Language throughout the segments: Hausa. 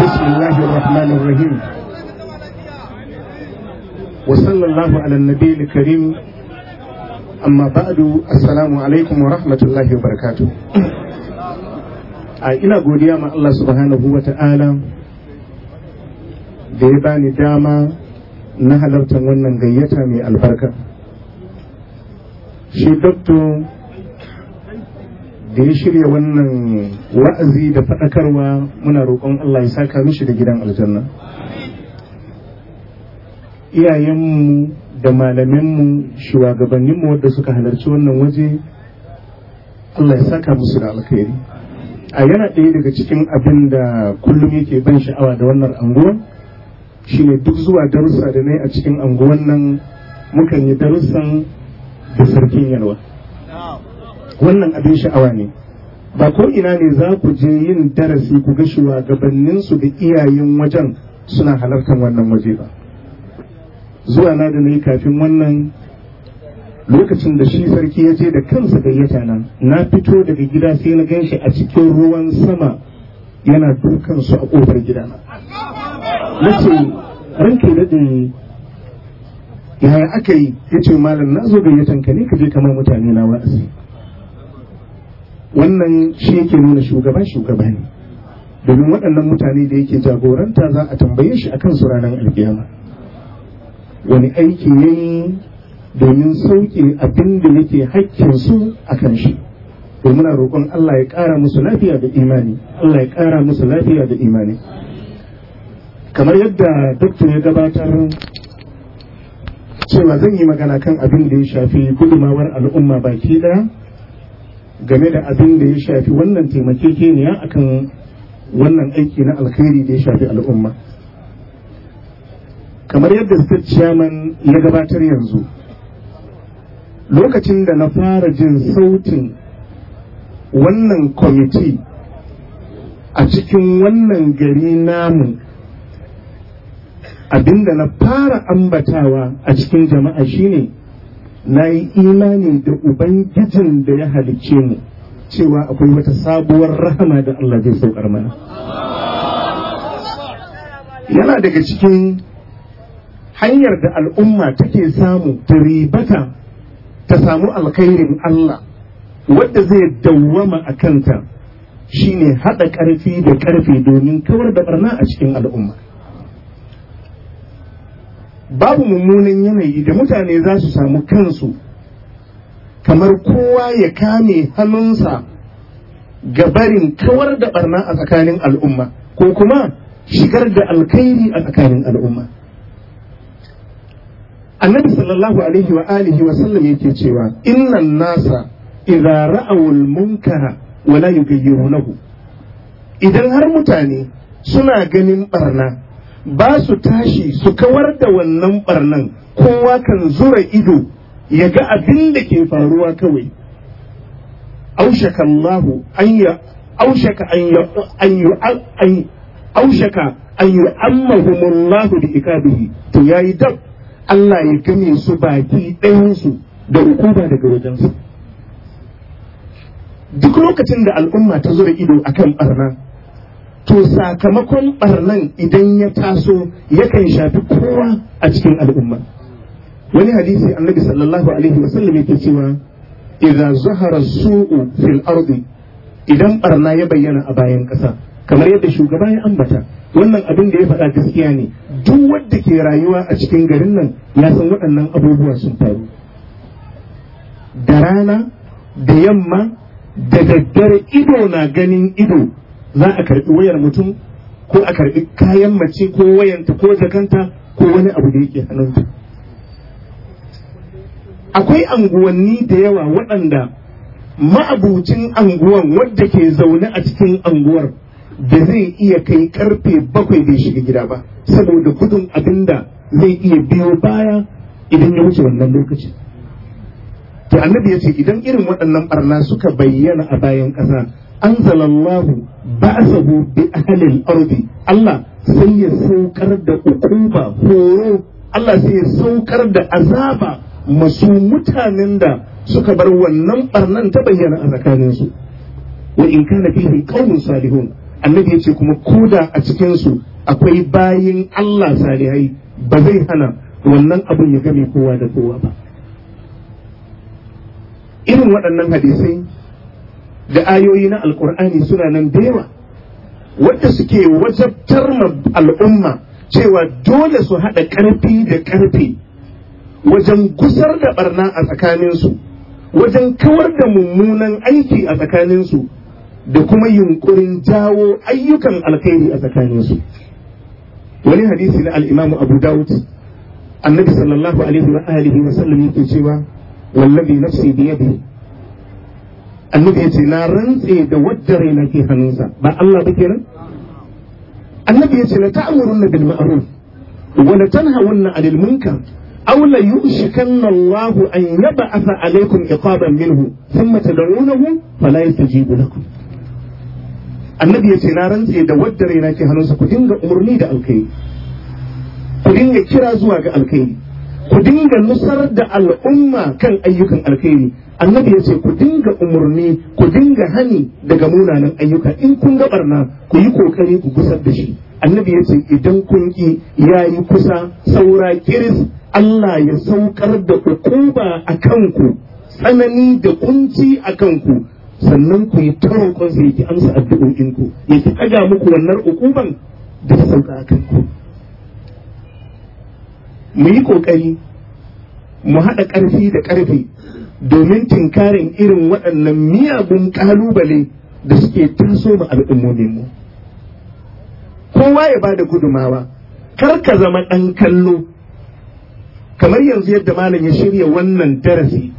بسم الله الرحمن الرحيم وصلى الله على النبي الكريم amma ba'du assalamu alaikum wa rahmatullahi wa a ina godiya ma Allah subhanahu wa ta'ala da ya bani dama na halartar wannan gayyata mai albarka shi doctor da ya shirya wannan wa'azi da faɗakarwa muna roƙon Allah ya saka mishi da gidan aljanna iyayenmu da malaminmu shugabanninmu wadda suka halarci wannan waje Allah ya saka musu da alkhairi a yana ɗaya daga cikin abin da kullum yake ban sha'awa da wannan shi ne duk zuwa darussa da na a cikin anguwan nan mukan yi darussan da sarkin yalwa wannan abin sha'awa ne ba ko ina ne za ku je yin darasi ku ga shugabanninsu da iyayen wajen suna halartar wannan waje ba zuwa na da na kafin wannan lokacin da shi sarki ya je da kansa gayyata nan na fito daga gida sai na gan shi a cikin ruwan sama yana dukan su a kofar gida na ce ranke daɗin yaya aka yi ya ce malam na zo gayyatan ka ne ka je kamar mutane na wa'azi wannan shi yake nuna shugaba shugaba ne domin waɗannan mutane da yake jagoranta za a tambaye shi akan su ranar alkiyama wani aiki ne domin sauƙi abin da yake hakkin su akan shi domin muna roƙon Allah ya ƙara musu lafiya da imani Allah ya ƙara musu lafiya da imani kamar yadda doktor ya gabatar cewa zan yi magana kan abin da ya shafi gudumawar al'umma baki ɗaya game da abin da ya shafi wannan taimakekeniya kan wannan aiki na alkhairi da ya shafi al'umma kamar yadda state ciyaman ya gabatar yanzu lokacin da na fara jin sautin wannan kwamiti a cikin wannan gari namu abinda na fara ambatawa a cikin jama'a shine na yi imani da ubangijin da ya halicce mu cewa akwai wata sabuwar rahama da Allah zai saukar mana yana daga cikin hanyar da al'umma take samu ta ribata ta samu alkhairin Allah wadda zai dawwama a kanta shine haɗa ƙarfi da ƙarfi domin kawar da ɓarna a cikin al'umma babu mummunan yanayi da mutane za su samu kansu kamar kowa ya kame hannunsa ga barin kawar da barna a tsakanin al'umma ko kuma shigar da alkhairi a tsakanin al'umma annabi sallallahu alaihi wa alihi wa sallam yake cewa innan nasa idza ra'awul munkara wa la lahu idan har mutane suna ganin barna ba su tashi su kawar da wannan barnan kowa kan zura ido ya ga abin da ke faruwa kawai aushaka an yi aushaka an ya to yayi dab Allah ya game su baki ɗayansu da hukuma daga wajensu duk lokacin da al'umma ta zura ido akan kan to sakamakon barnan idan ya taso yakan shafi kowa a cikin al'umma wani hadisi annabi sallallahu alaihi wasallam yake cewa idza zahara su'u fil ardi idan barna ya bayyana a bayan ƙasa kamar yadda shugaba ya ambata wannan abin da ya faɗa gaskiya ne duk wanda ke rayuwa a cikin garin nan ya san waɗannan abubuwa sun faru da rana da yamma da daddare ido na ganin ido za a karbi wayar mutum ko a karbi kayan mace ko wayanta ko jakanta ko wani abu da yake hannunta akwai anguwanni da yawa waɗanda ma'abucin anguwan wadda ke zaune a cikin anguwar da zai iya kai karfe bakwai bai shiga gida ba saboda gudun abin da zai iya biyo baya idan ya wuce wannan lokacin to annabi ya ce idan irin waɗannan ɓarna suka bayyana a bayan ƙasa anzalallahu ba'sahu bi ahli al-ard Allah sai ya saukar da ukuba horo Allah sai ya saukar da azaba masu mutanen da suka bar wannan ɓarnan ta bayyana a tsakaninsu wa in kana fihim qaumun salihun annabi ce kuma koda a cikinsu akwai bayan Allah salihai ba zai hana wannan abun ya game kowa da kowa ba irin waɗannan hadisai da ayoyi na alkur'ani suna nan da yawa wadda suke wajabtar ma al'umma cewa dole su haɗa ƙarfi da ƙarfi wajen gusar da barna a tsakaninsu wajen kawar da mummunan aiki a tsakaninsu da kuma yunkurin jawo ayyukan alkhairi a tsakaninsu wani hadisi na al'imamu abu dawud annabi sallallahu alaihi wa alihi wa sallam yake cewa wallabi nafsi biyadihi annabi ya ce na rantse da wadda rai nake hannunsa ba Allah ba kenan annabi ya ce la ta'murunna bil ma'ruf wa la tanhawunna 'anil munkar aw la yushikanna Allah an yab'atha 'alaykum iqaban minhu thumma tad'unahu fala yastajibu lakum annabi ya ce na rantse da wadda rai nake hannunsa ku dinga umarni da alkai ku dinga kira zuwa ga alkai ku dinga nusar da al'umma kan ayyukan alkhairi annabi ya ce ku dinga umarni ku dinga hani daga munanan ayyuka in kun ga barna ku yi kokari ku gusar da shi annabi ya ce idan kun ki ya yi kusa saura kiris Allah ya saukar da hukuma a kanku tsanani da kunci a kanku sannan ku yi ta roƙon ya ki amsa ku ya ki ɗaga muku wannan hukuman da ta sauka a kanku mu yi kokari mu haɗa ƙarfi da ƙarfi domin tinkarin irin waɗannan miyagun ƙalubale da suke taso a al'ummominmu kowa ya ba da gudumawa kar ka zama ɗan kallo kamar yanzu yadda malam ya shirya wannan darasi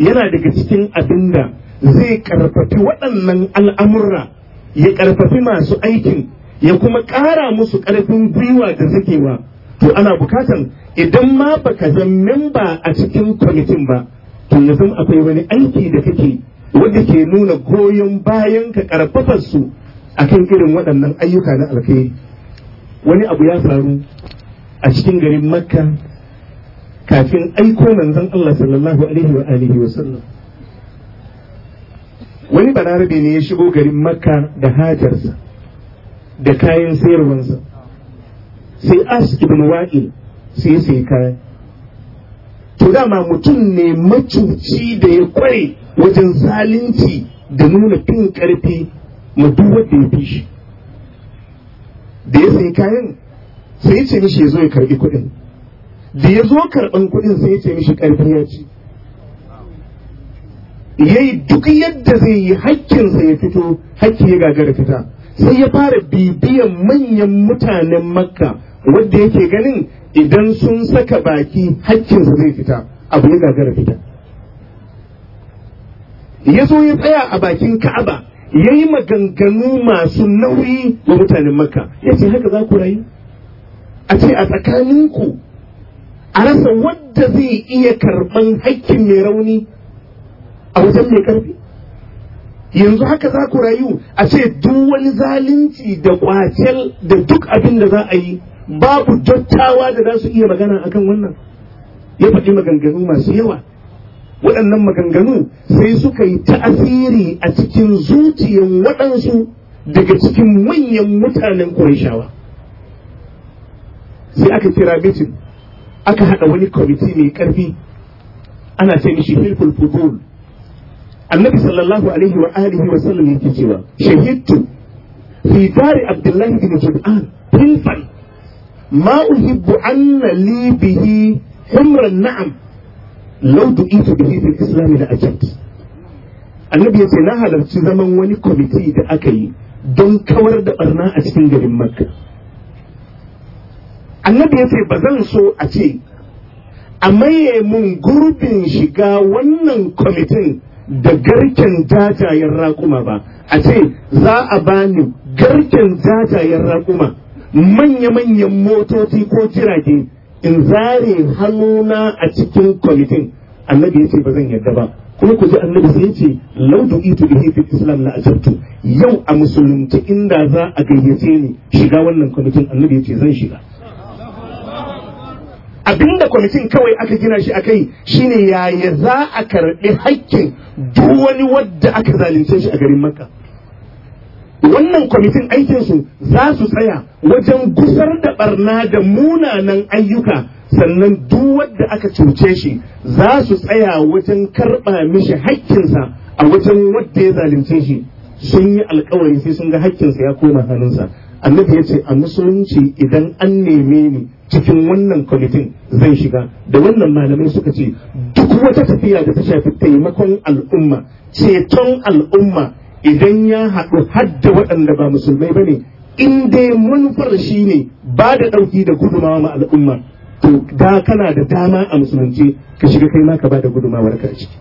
yana daga cikin abin da zai ƙarfafi waɗannan al'amurra ya ƙarfafi masu aikin ya kuma ƙara musu ƙarfin gwiwa da zakewa to ana bukatan idan ma baka zan memba a cikin kwamitin ba to yanzu akwai wani aiki da kake wanda ke nuna goyon bayan ka karfafar su kan irin waɗannan ayyuka na alkhairi wani abu ya faru a cikin garin makka kafin aiko manzon Allah sallallahu alaihi wa alihi wa sallam wani balarabe ne ya shigo garin makka da hajarsa da kayan sayarwarsa, sai as ibn wa'il sai ya sayi kayan to dama mutum ne macuci da ya kware wajen zalunci da nuna fin karfi mu duk wanda ya fi shi da ya sai kayan sai ce mishi ya zo ya karbi kuɗin da ya zo karɓan kuɗin sai ya ce mishi karfi ya ci ya yi duk yadda zai yi hakkinsa ya fito hakki ya gagara fita sai ya fara bibiyan manyan mutanen makka wadda yake ganin idan sun saka baki su zai fita abu ya gagara fita ya zo ya tsaya a bakin ka'aba ya yi maganganu masu nauyi wa mutanen makka ya ce haka za ku rayu a ce a tsakaninku a rasa wadda zai iya karɓan haƙƙin mai rauni a wajen mai ƙarfi yanzu haka za ku rayu a ce duk wani zalunci da kwacel da duk abin da za a yi babu dattawa da za su iya magana akan wannan ya faɗi maganganu masu yawa waɗannan maganganu sai suka yi ta'asiri a cikin zuciyar waɗansu daga cikin manyan mutanen ƙwarishawa sai aka kira mitin aka haɗa wani kwamiti mai ƙarfi ana ce mishi hilful fudul annabi sallallahu alaihi wa alihi wa sallam yake cewa shahidtu fi dari abdullahi bin jub'an hilfan ma uhibbu anna li bihi na'am law du'itu bihi fil islam la ajab annabi yace na halarci zaman wani kwamiti da aka yi don kawar da barna a cikin garin makka annabi yace ba zan so a ce a maye mun gurbin shiga wannan kwamitin da garken jajayen raƙuma ba a ce za a bani garken jajayen raƙuma manya-manyan motoci ko jirage in zare hannuna a cikin kwamitin annabi ya ce ba zan yarda ba kuma ku ji annabi sai ce laudu itu bihi fi islam la ajabtu yau a musulunci inda za a gayyace ni shiga wannan kwamitin annabi ya ce zan shiga abinda kwamitin kawai aka gina shi a kai shine yaya za a karɓi haƙƙin duk wani wadda aka zalunce shi a garin makka wannan kwamitin aikinsu za su tsaya wajen gusar da barna da munanan ayyuka sannan duk wadda aka cuce shi za su tsaya wajen karɓa mishi haƙƙinsa a wajen wadda ya zalunce shi sun yi alkawari sai sun ga haƙƙinsa ya koma hannunsa annabi ya ce a musulunci idan an neme ni cikin wannan kwamitin zai shiga da wannan malamai suka ce duk wata tafiya da ta shafi taimakon al'umma ceton al'umma idan ya haɗu hadda waɗanda ba musulmai ba ne in dai manufar shi ne ba da ɗauki da gudumawa ma al'umma to da kana da dama a musulunci ka shiga kai ma ka ba da gudumawar ka ciki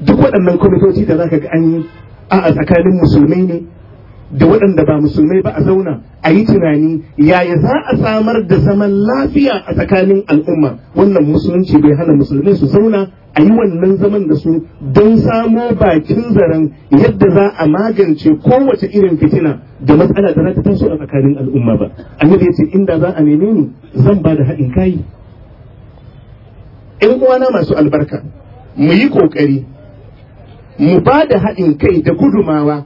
duk waɗannan kwamitoci da zaka ga an yi a tsakanin musulmai ne da waɗanda ba musulmai ba a zauna a yi tunani yaya za a samar da zaman lafiya a tsakanin al'umma wannan musulunci bai hana musulmai su zauna a yi wannan zaman da su don samo bakin zaren yadda za a magance kowace irin fitina da matsala da ta taso a tsakanin al'umma ba annabi ya ce inda za a neme ni zan ba da haɗin kai ƴan uwana masu albarka mu yi ƙoƙari mu ba da haɗin kai da gudumawa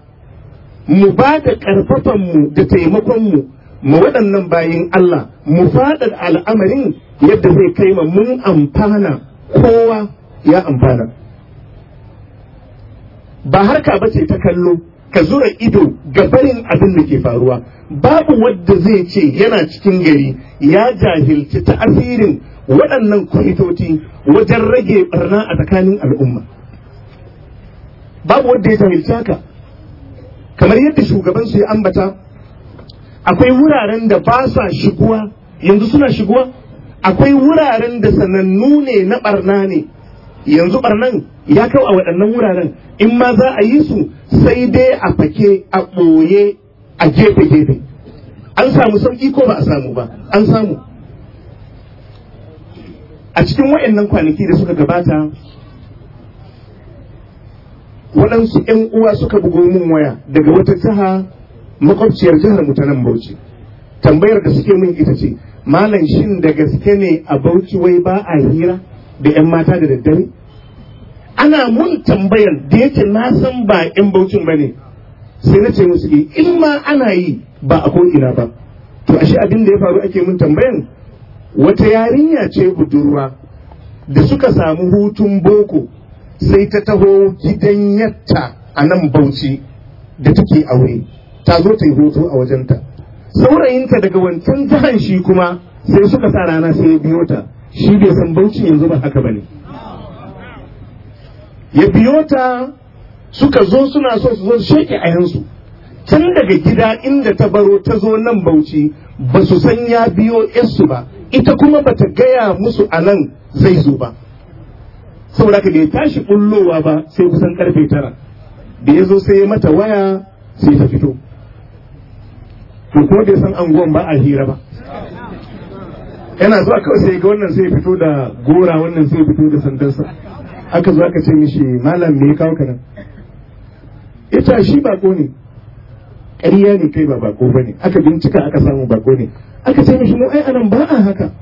mu ba da ƙarfafanmu da taimakonmu mu waɗannan bayan Allah mu faɗaɗa al'amarin yadda zai kai mun amfana kowa ya amfana ba harka ba ce ta kallo ka zura ido ga barin abin da ke faruwa babu wadda zai ce yana cikin gari ya jahilci ta'asirin waɗannan kwamitoti wajen rage barna a tsakanin al'umma babu wadda ya jahilci haka kamar yadda shugabansu ya ambata akwai wuraren da ba sa shiguwa yanzu suna shiguwa akwai wuraren da sanannu ne na ɓarna ne yanzu barnan ya kau a waɗannan wuraren in ma za a yi su sai dai a fake a ɓoye a gefe gefe an samu sauƙi ko ba a samu ba an samu a cikin waɗannan kwanaki da suka gabata waɗansu 'yan uwa suka bugo min waya daga wata jiha makwabciyar jihar mu ta nan Bauchi tambayar da suke min ita ce malam shin da gaske ne a Bauchi wai ba a hira da 'yan mata da daddare ana mun tambayar da yake na san ba 'yan baucin ba ne sai na ce musu eh, in ma ana yi ba a ko'ina ba to ashe abin da ya faru ake mun tambayan wata yarinya ce budurwa da suka samu hutun boko sai ta taho gidan yatta a nan bauchi da take aure ta zo ta yi hutu a wajenta saurayinta daga wancan jihar shi kuma sai suka sa rana sai ya biyo ta shi bai san bauchi yanzu ba haka bane ya biyo ta suka zo suna so su zo sheke ayansu tun daga gida inda ta baro ta zo nan bauchi ba su san ya biyo 'yansu ba ita kuma ba ta gaya musu a nan zai zo ba saboda ka bai tashi bullowa ba sai kusan karfe tara da ya zo sai mata waya sai ta fito ko kuma bai san anguwan ba a hira ba yana zuwa kawai sai ga wannan sai fito da gora wannan sai fito da sandarsa aka zo aka ce mishi malam me kawo ka nan ya shi bako ne ƙarya ne kai ba bako ba ne aka bincika aka samu bako ne aka ce mishi mu ai anan ba a haka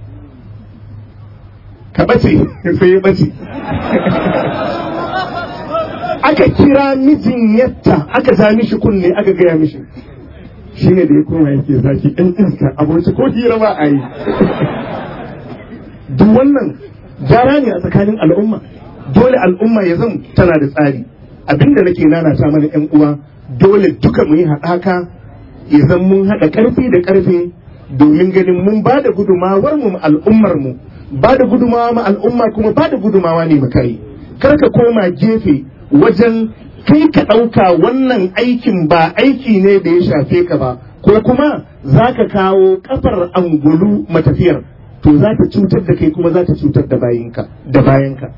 ka bace sai ya bace aka kira mijin yatta aka sa mishi kunne aka gaya mishi shine da ya koma yake zaki ɗan iska abinci ko hira ba a yi duk wannan gyara ne a tsakanin al'umma dole al'umma ya zan tana da tsari abinda nake nanata mana yan uwa dole duka mu yi haɗaka ya zan mun haɗa ƙarfi da ƙarfi domin ganin mun ba da gudumawar mu al'ummar mu ba da gudumawa ma al'umma kuma ba da gudumawa ne mu kai kar ka koma gefe wajen kai ka ɗauka wannan aikin ba aiki ne da ya shafe ka ba ko kuma za ka kawo ƙafar angulu matafiyar to za ta cutar da kai kuma za ta cutar da bayinka da bayanka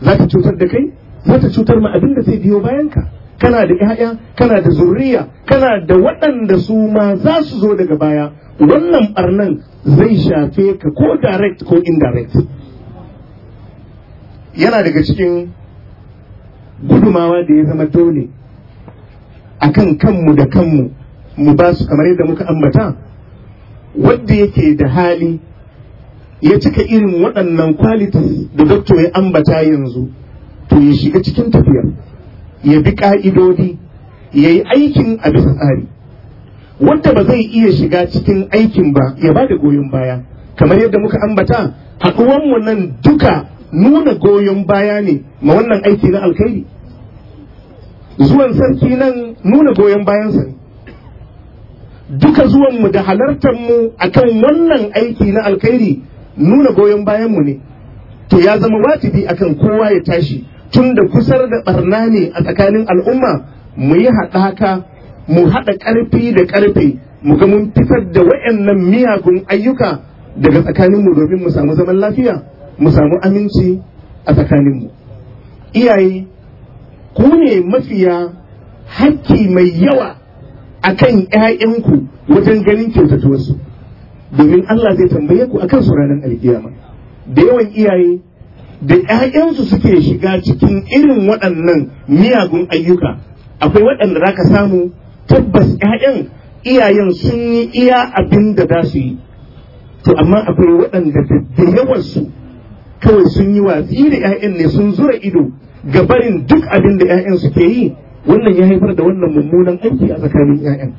za ta cutar da kai za ta cutar ma abin da zai biyo bayanka kana da 'ya'ya kana da zuriya kana da waɗanda su ma za su zo daga baya wannan ɓarnan zai shafe ka ko direct ko indirect yana daga cikin gudumawa da ya zama dole a kan kanmu da kanmu mu ba su kamar yadda muka ambata wadda yake da hali ya cika irin waɗannan kwalitis da doctor ya ambata yanzu to ya shiga cikin tafiyar ya bi ƙa'idodi ya yi aikin a bisa tsari wanda ba zai iya shiga cikin aikin ba ya ba da goyon baya kamar yadda muka ambata haɗuwanmu nan duka nuna goyon baya ne ma wannan aiki na alkhairi zuwan sarki nan nuna goyon bayansa ne duka zuwanmu da halartarmu a kan wannan aiki na alkhairi nuna goyon bayanmu ne to ya zama wajibi akan kowa ya tashi tun da kusar da barna ne a tsakanin al'umma mu yi haɗaka mu haɗa ƙarfi da ƙarfe mu ga mun fitar da wayannan miyagun ayyuka daga tsakanin mu domin mu samu zaman lafiya mu samu aminci a tsakanin mu iyaye ku ne mafiya hakki mai yawa akan 'ya'yanku wajen ganin kyautatuwarsu domin Allah zai tambaye ku akan su ranar alkiyama da yawan iyaye da ƴaƴansu suke shiga cikin irin waɗannan miyagun ayyuka akwai waɗanda za ka samu tabbas ƴaƴan iyayen sun yi iya abin da za su yi to amma akwai waɗanda da yawansu kawai sun yi watsi da ƴaƴan ne sun zura ido ga barin duk abin da ‘ya'yan suke yi wannan ya haifar da wannan mummunan aiki a tsakanin ƴaƴan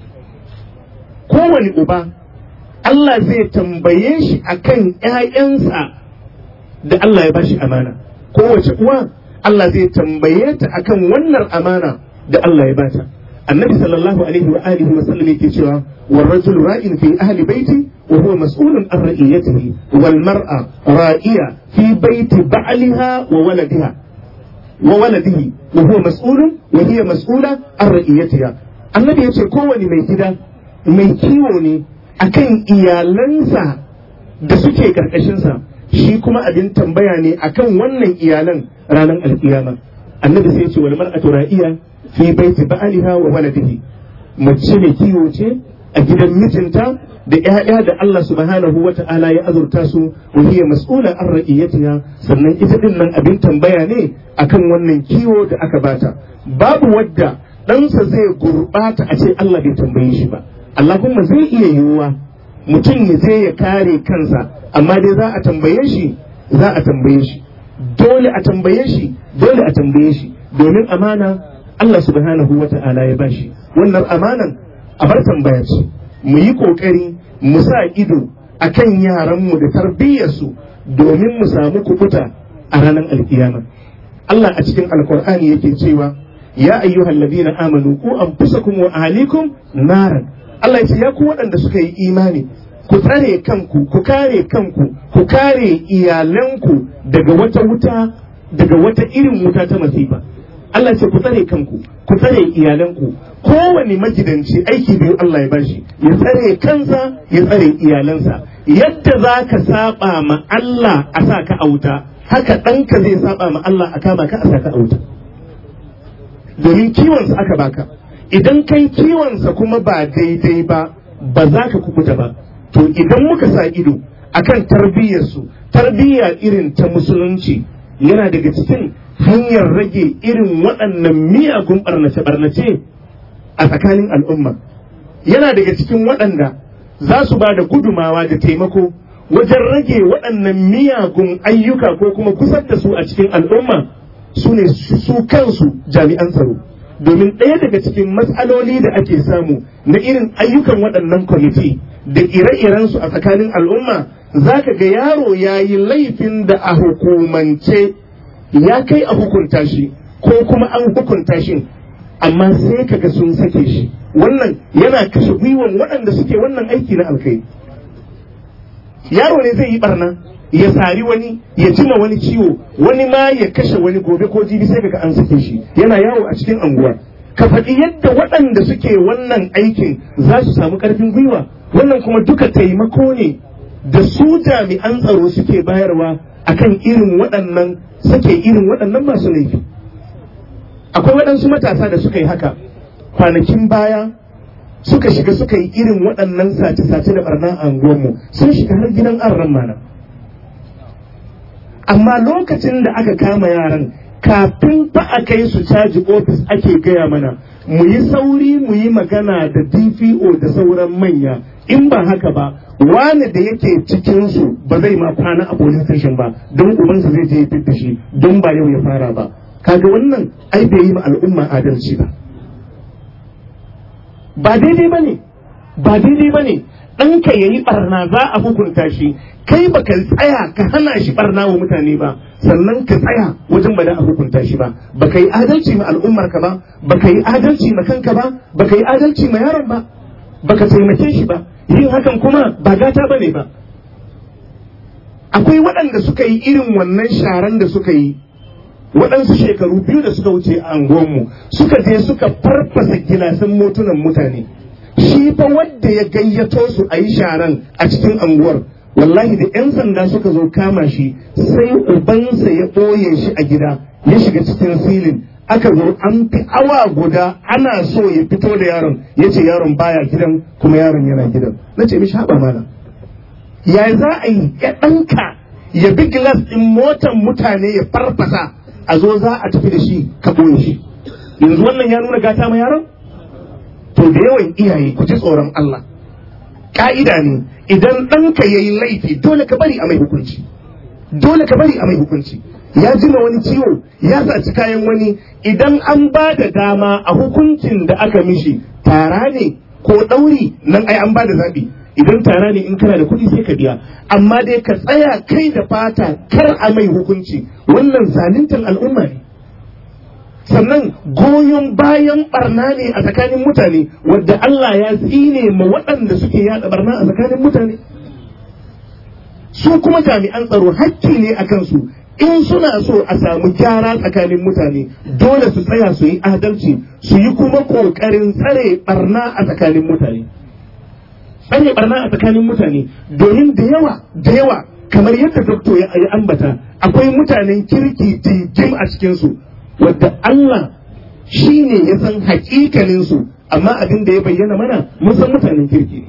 kowane uba Allah zai tambaye shi akan ‘ya'yansa da Allah ya bashi amana kowace uwa Allah zai tambaye ta akan wannan amana da Allah ya bata annabi sallallahu alaihi wa alihi wa sallam yake cewa wal rajul ra'in fi ahli baiti wa huwa mas'ulun an ra'iyatihi wal mar'a ra'iya fi baiti ba'liha wa waladiha wa waladihi wa huwa mas'ulun wa hiya mas'ula an ra'iyatiha annabi yace kowani mai gida mai kiwo ne akan iyalansa da suke karkashinsa shi kuma abin tambaya ne akan wannan iyalan ranar alkiyama annabi sai ce wal mar'atu ra'iya fi baiti ba'aliha wa waladihi mace mai kiwo ce a gidan mijinta da ƴaƴa da Allah subhanahu wa ta'ala ya azurta su wa hiya mas'ula an ra'iyatiha sannan ita din nan abin tambaya ne akan wannan kiwo da aka bata babu wadda ɗansa zai gurɓata a ce Allah bai tambaye shi ba Allahumma zai iya yiwuwa mutum ya je ya kare kansa amma dai za a tambaye shi za a tambaye shi dole a tambaye shi dole a tambaye shi domin amana Allah subhanahu wa ta'ala ya bashi wannan amanan a bar tambaya ce mu yi kokari mu sa ido a akan yaranmu da tarbiyyarsu domin mu samu kubuta a ranar alkiyama Allah a cikin alkur'ani yake cewa ya ayyuhal ladina amanu ku anfusakum wa ahlikum naran Allah ya ce ya ku waɗanda suka yi imani ku tsare kanku ku kare kanku ku kare iyalanku daga wata wuta daga wata irin wuta ta masifa Allah ce ku tsare kanku ku tsare iyalanku kowane magidanci aiki biyu Allah ya bashi ya tsare kansa ya tsare iyalansa yadda za ka saba ma Allah a sa ka a wuta haka ɗanka zai saba ma Allah a kama ka a sa ka a wuta domin kiwonsa aka baka idan kai kiwonsa kuma ba daidai ba ba za ka kukuta ba to idan muka sa ido akan tarbiyyarsu tarbiyya irin ta musulunci yana daga cikin hanyar rage irin waɗannan miyagun ɓarnace-ɓarnace a tsakanin al'umma yana daga cikin waɗanda za su ba da gudumawa da taimako wajen rage waɗannan miyagun ayyuka ko kuma kusar da su a cikin al'umma su ne su kansu jami'an tsaro domin ɗaya daga cikin matsaloli da ake samu na irin ayyukan waɗannan kwamiti da ire-irensu a tsakanin al'umma za ka ga yaro ya yi laifin da a hukumance ya kai a hukunta shi ko kuma an hukunta shi amma sai ka ga sun sake shi wannan yana kashe gwiwan waɗanda suke wannan aiki na alkai yaro ne zai yi barna ya sari wani ya jima wani ciwo wani ma ya kashe wani gobe ko jibi sai ga an sake shi yana yawo a cikin anguwa ka faɗi yadda waɗanda suke wannan aikin za su samu ƙarfin gwiwa wannan kuma duka taimako ne da su jami'an tsaro suke bayarwa akan irin waɗannan suke irin waɗannan masu laifi akwai waɗansu matasa da suka yi haka kwanakin baya suka shiga suka yi irin waɗannan sace-sace da barnan anguwanmu sun shiga har gidan arran mana amma lokacin da aka kama yaran kafin ba a kai su caji ofis ake gaya mana mu yi sauri mu yi magana da dpo da sauran manya in ba haka ba wani da yake cikinsu ba zai ma kwana a police station ba don ubansa zai je ya fitta shi don ba yau ya fara ba kaga wannan ai bai yi ma al'umma adalci ba ba daidai ba ne ba daidai ba ne ɗanka ya yi ɓarna za a hukunta shi kai ba ka tsaya ka hana shi ɓarna wa mutane ba sannan ka tsaya wajen ba da a hukunta shi ba ba ka yi adalci ma al'ummarka ba ba ka yi adalci ma kanka ba ba ka yi adalci ma yaron ba ba ka taimake shi ba yin hakan kuma ba gata ba ne ba akwai waɗanda suka yi irin wannan sharan da suka yi waɗansu shekaru biyu da suka wuce a anguwanmu suka je suka farfasa gilasan motunan mutane shi fa wanda ya gayyato su a yi sharan a cikin anguwar wallahi da 'yan sanda suka zo kama shi sai ubansa ya ɓoye shi a gida ya shiga cikin filin, aka zo an fi awa guda ana so ya fito da yaron ya ce yaron baya gidan kuma yaron yana gidan na ce mishi haɓa mana ya za a yi ya ɗanka ya bi gilas ɗin motan mutane ya farfasa a zo za a tafi da shi ka ɓoye shi yanzu wannan ya nuna gata ma yaron to da yawan iyaye ku ji tsoron Allah ka'ida ne idan ɗanka ya yi laifi dole ka bari a mai hukunci dole ka bari a mai hukunci ya jima wani ciwo ya saci kayan wani idan an ba da dama a hukuncin da aka mishi tara ne ko ɗauri nan ai an ba da zaɓi idan tara ne in kana da kuɗi sai ka biya amma dai ka tsaya kai da fata kar a mai hukunci wannan zaluntar al'umma ne sannan goyon bayan barna ne a tsakanin mutane wadda Allah ya tsine ma waɗanda suke yada barna a tsakanin mutane su kuma jami'an tsaro hakki ne a kansu in suna so a samu gyara tsakanin mutane dole su tsaya su yi adalci su yi kuma ƙoƙarin tsare barna a tsakanin mutane tsare barna a tsakanin mutane domin da yawa da yawa kamar yadda dokto ya ambata akwai mutanen kirki jim a cikinsu wadda Allah shi ne ya san hakikaninsu amma abin da ya bayyana mana musan san mutanen kirki ne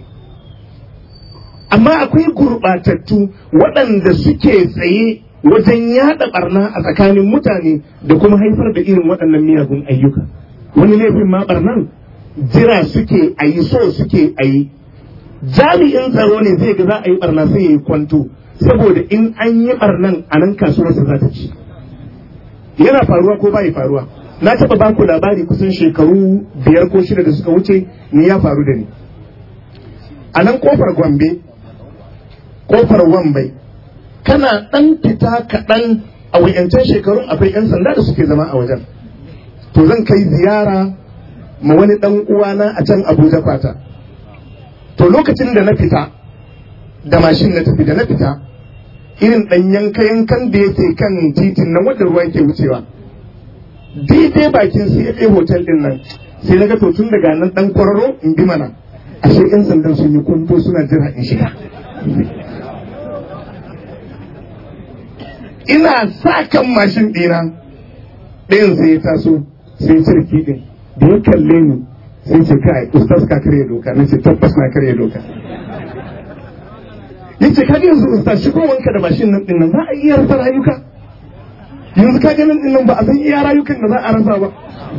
amma akwai gurɓatattu waɗanda suke tsaye wajen yaɗa ɓarna a tsakanin mutane da kuma haifar da irin waɗannan miyagun ayyuka wani laifin ma ɓarnan jira suke a yi so suke a yi jami'in tsaro ne zai ga za a yi barna sai ya yi kwanto saboda in an yi barnan a nan kasuwarsa za ta ci yana faruwa ko bai faruwa na taba ba ku labari kusan shekaru biyar ko shida da suka wuce ni ya faru da ni a nan kofar gombe kofar wambai kana dan fita kaɗan a wuyancen shekaru akwai 'yan sanda da suke zama a wajen to zan kai ziyara ma wani dan uwana a can abuja fata to lokacin da na fita da mashin na tafi da na fita irin ɗan yanka yankan da yake kan titin nan wadda ruwa yake wucewa daidai bakin sai hotel din nan sai na ga to tun daga nan ɗan kwararo in bi mana ashe yan sandan sun yi kumbo suna jira in shiga ina sa kan mashin ɗina ɗayan sai ya taso sai cirki ɗin da ya kalle ni sai ce kai ustaz ka kare doka na ce tabbas na kare doka yace kaga yanzu ustaz shi wanka da mashin nan din nan za a iya rasa rayuka yanzu kaga nan din nan ba a san iya rayukan da za a rasa ba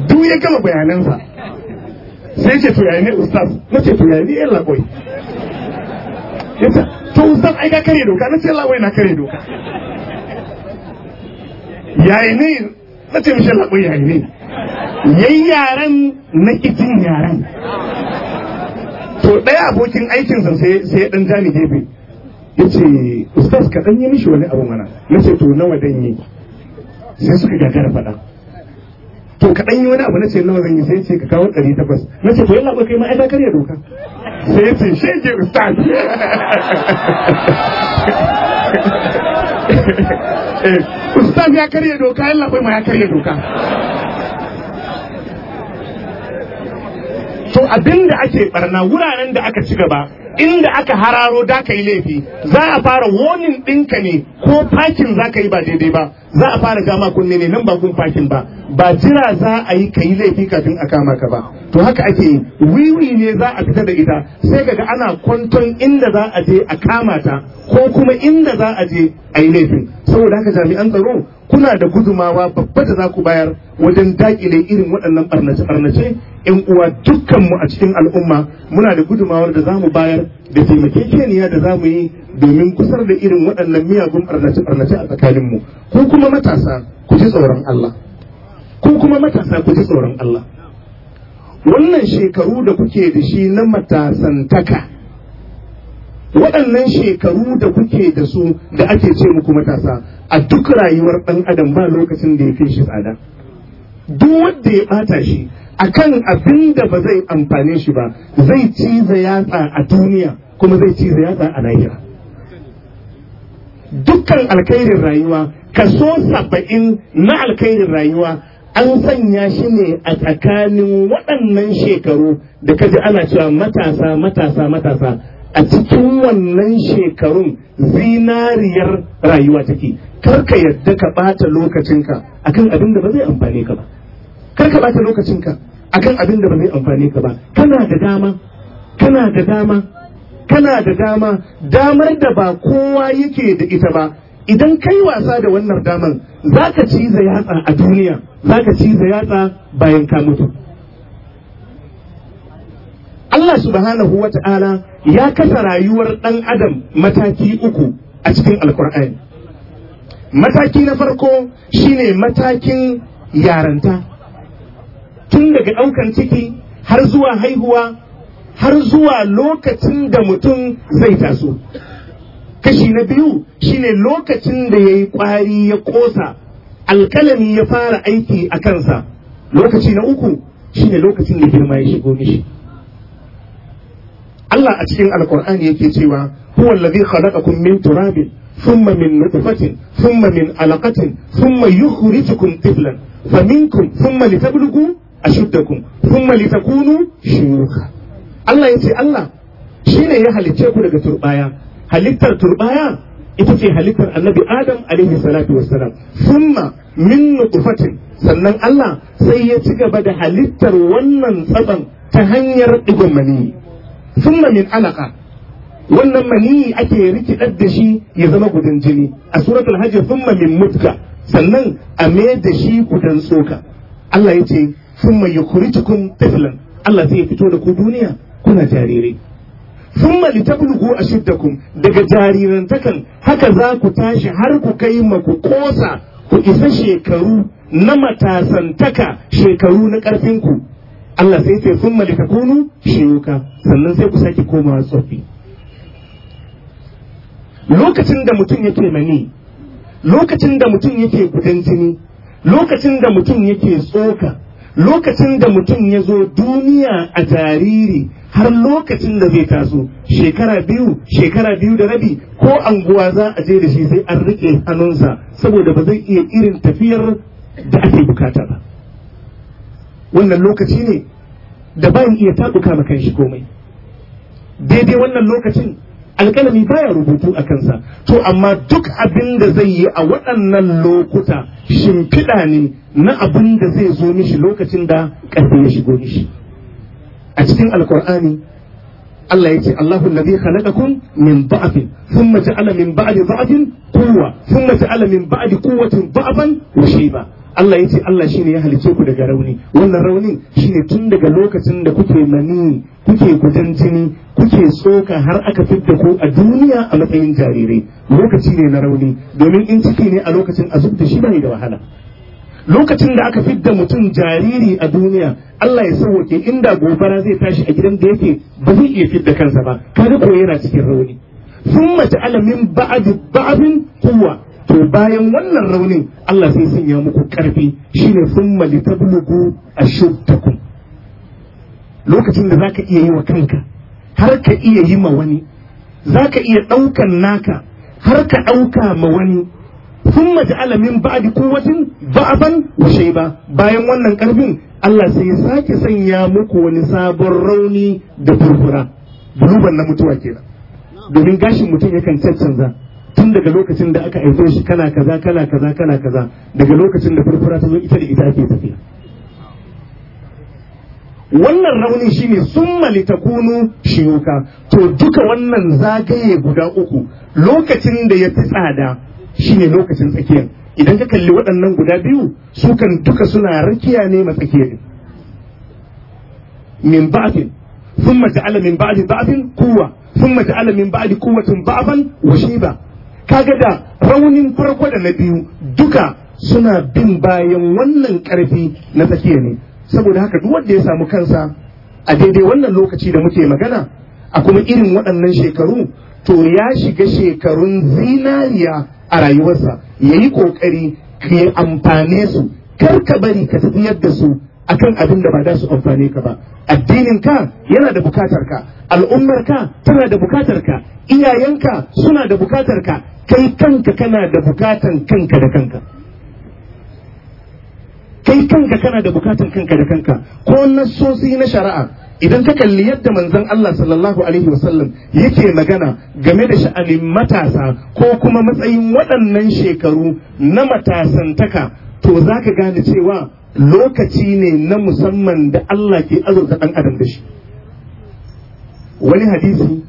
duk ya gama bayanansa sai ce to yayi ustaz na ce to yayi ne lakwai. yace to ustaz ai ka kare doka na ce lakwai na kare doka yayi ne na ce mishi yalla yayi ne yayi yaren na itin yaren to ɗaya abokin aikinsa sai ya ɗan jani gefe ya ce ustaz ka ɗan yi mishi wani abu mana na ce to nawa dan yi sai suka gagara faɗa to ka ɗan yi wani abu na ce nawa zan yi sai ce ka kawo ɗari takwas na ce to yi ba kai ma'aikata karya doka sai ya ce shege ustaz eh, ustaz ya karya doka yalla ba ma ya karya doka to abin da ake barna wuraren da aka ci gaba inda aka hararo da ka yi laifi za a fara wonin ɗinka ne ko fakin za ka yi ba daidai ba za a fara gama kunne ne nan ba kun fakin ba ba jira za a yi ka yi laifi kafin a kama ka ba to haka ake yi wiwi ne za a fita da ita sai kaga ana kwanton inda za a je a kama ta ko kuma inda za a je a yi laifin saboda haka jami'an tsaro kuna da gudumawa babba da za ku bayar wajen dakile irin waɗannan ɓarnace-ɓarnace, yan uwa dukkanmu a cikin al'umma muna da gudumawar da zamu bayar da keniya da zamu yi domin kusar da irin waɗannan miyagun ɓarnace-ɓarnace a tsakaninmu ko kuma matasa ku ji tsoron Allah ko kuma matasa ku ji tsoron Allah wannan shekaru da kuke da shi na matasantaka waɗannan shekaru da kuke da su da ake ce muku matasa a duk rayuwar ɗan adam ba lokacin da ya fi shi tsada. duk wanda ya bata shi akan abin da ba zai amfane shi ba zai ciza yatsa a duniya kuma zai ciza yatsa a lahira dukkan alkhairin rayuwa kaso saba'in na alkhairin rayuwa an sanya shi ne a tsakanin waɗannan shekaru da kaji ana cewa matasa matasa matasa a cikin wannan shekarun zinariyar rayuwa take karka ka yadda ka ɓata lokacinka akan abin da ba zai amfane ka ba kar ka ɓata lokacinka akan abin da ba zai amfane ka ba kana da dama kana da dama kana da dama damar da ba kowa yake da ita ba idan kai wasa da wannan damar, za ka ciza yatsa a duniya za ka ciza yatsa bayan ka mutu Allah subhanahu wa ta'ala ya kasa rayuwar ɗan adam mataki uku a cikin alkur'ani mataki na farko shine matakin yaranta tun daga ɗaukan ciki har zuwa haihuwa har zuwa lokacin da mutum zai taso kashi na biyu shine lokacin da ya yi ƙwari ya ƙosa alkalami ya fara aiki a kansa lokaci na uku shine lokacin da girma ya shigo mishi Allah a cikin alkur'ani yake cewa هو الذي خلقكم من تراب ثم من نطفة ثم من علقة ثم يخرجكم طفلا فمنكم ثم لتبلغوا أشدكم ثم لتكونوا شيوخا الله يتي الله شين يهل تشيكو لغا تربايا halittar turbaya ita ce halittar annabi adam alaihi salatu wassalam summa min nutfatin sannan Allah sai ya ci gaba da halittar wannan tsaban ta hanyar digon maniyyi summa min alaka wannan maniyi ake rikidar da shi ya zama gudun jini a suratul hajji thumma min mutka sannan a me da shi gudan tsoka Allah ya ce thumma yukhrijukum tiflan Allah sai ya fito da ku duniya kuna jarirai thumma litablugu ashiddakum daga jarirantakan haka za ku tashi har ku kai maku kosa ku isa shekaru na matasantaka shekaru na ƙarfinku Allah sai sai sun malitakunu shiyuka sannan sai ku sake komawa tsofi lokacin da mutum yake mani lokacin da mutum yake gudan jini lokacin da mutum yake tsoka lokacin da mutum ya zo duniya a jariri har lokacin da zai taso shekara biyu shekara biyu da rabi ko anguwa za a je da shi sai an rike hannunsa saboda ba zai iya irin tafiyar da ake bukata ba wannan lokaci ne da bayan iya taɓuka ma kan shi komai daidai wannan lokacin alƙalami baya rubutu a kansa to amma duk abin da zai yi a waɗannan lokuta shimfiɗa ne na abin da zai zo mishi lokacin da ƙarfi ya shigo mishi a cikin alƙur'ani Allah ya ce Allahu alladhi khalaqakum min da'fin thumma ja'ala min ba'di da'fin quwwa thumma ja'ala min ba'di quwwatin da'fan wa shayba Allah ya ce Allah shine ya halice ku daga rauni wannan raunin shine tun daga lokacin da kuke mani kuke gudan jini kuke tsoka har aka fidda ku a duniya a matsayin jarirai lokaci ne na rauni domin in ciki ne a lokacin a da shi bai da wahala lokacin da aka fidda mutum jariri a duniya Allah ya sauke inda gobara zai tashi a gidan da yake ba zai iya fidda kansa ba kaga ko yana cikin rauni sun mace alamin ba'ad ba'abin kuwa to bayan wannan raunin Allah sai sanya muku karfi shine summa litablugu ashuddakum lokacin da zaka iya yi wa kanka har ka iya yi ma wani za ka iya ɗaukan naka har ka ɗauka ma wani sun maji maja'ala min ba'di quwwatin ban washe ba bayan wannan karfin Allah sai ya sake sanya muku wani sabon rauni da furfura buruban na mutuwa kenan domin gashin mutum yakan cancanza tun daga lokacin da aka haife shi kana kaza kana kaza kana kaza daga lokacin da furfura ta zo ita da ita ake tafiya wannan rauni shine summa kunu shiyuka to duka wannan zagaye guda uku lokacin da ya fi tsada shine lokacin tsakiyar idan ka kalli waɗannan guda biyu su kan duka suna rakiya ne matsakiyar min ba'din thumma ja'ala min ba'afin ba'din quwwa thumma ja'ala min ba'di quwwatin ba'afin wa ba kaga da raunin farko da na biyu duka suna bin bayan wannan ƙarfi na tsakiya ne saboda haka duk wanda ya samu kansa a daidai wannan lokaci da muke magana a kuma irin waɗannan shekaru to ya shiga shekarun zinariya a rayuwarsa ya yi ƙoƙari ya amfane su kar ka bari ka tafiyar da su akan abin da ba da su amfane ka ba addinin ka yana da bukatar ka al'ummar tana da bukatar ka iyayenka suna da bukatar ka kai kanka kana da bukatan kanka da kanka kai kanka kana da bukatan kanka da kanka ko nasosi na shari'a idan ka kalli yadda manzon Allah sallallahu alaihi wasallam yake magana game da sha'anin matasa ko kuma matsayin waɗannan shekaru na matasantaka to za ka gane cewa lokaci ne na musamman da Allah ke azurta ɗan adam da shi wani hadisi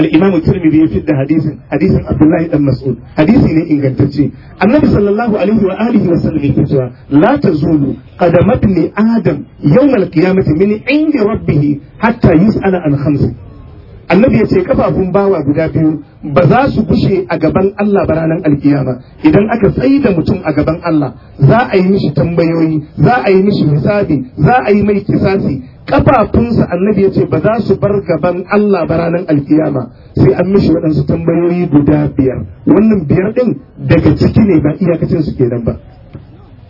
al-imam tirmidhi ya fidda hadisin hadisin abdullahi dan mas'ud hadisi ne ingantacce annabi sallallahu alaihi wa alihi wa sallam yake cewa la tazulu qadamat li adam yawm al-qiyamati min inda rabbih hatta yus an khamsi annabi ya ce kafafun bawa guda biyu ba za su bushe a gaban Allah ba ranar alkiyama idan aka tsayi da mutum a gaban Allah za a yi mishi tambayoyi za a yi mishi hisabi za a yi mai kisasi kafafunsa annabi ya ce ba za su bar gaban Allah ba ranar alkiyama sai an mishi waɗansu tambayoyi guda biyar wannan biyar ɗin daga ciki ne ba iyakacin su kenan ba